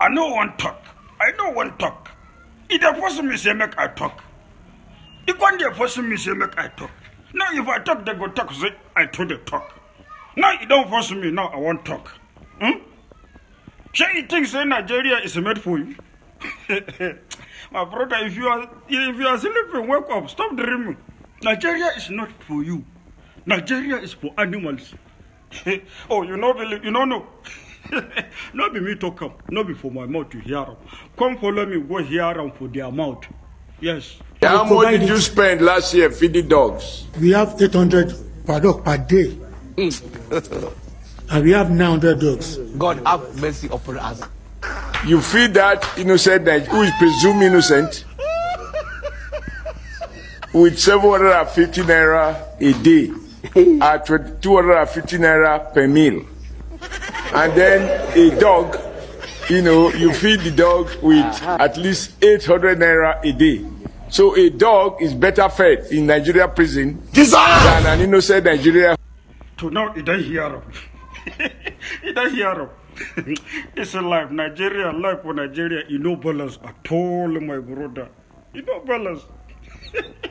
I no wan talk. I no wan talk. If they force me say make I talk. If one day force me say make I talk. Now if I talk, they go talk say I told they talk. Now you don't force me. Now I won't talk. Hmm? Sure, you think say Nigeria is made for you? My brother, if you are if you are sleeping, wake up. Stop dreaming. Nigeria is not for you. Nigeria is for animals. oh, you know, you know, no. no be me talk am no be for my mouth to hear am come follow me go hear am for their mouth yes. how much did you spend last year feeding dogs. we have eight hundred per dog per day. Hmm. and we have nine hundred dogs. God have mercy upon us. you feed that innocent Nigerian who is presumed innocent with seven hundred and fifty naira a day at two hundred and fifty naira per meal and then a dog, you know, you feed the dog with at least 800 naira a day. So a dog is better fed in Nigeria prison Desire! than an innocent Nigeria. To now, it don't hear up. it don't hear up. it's a life. Nigeria, life for Nigeria, you know balance at all, my brother. You know balance.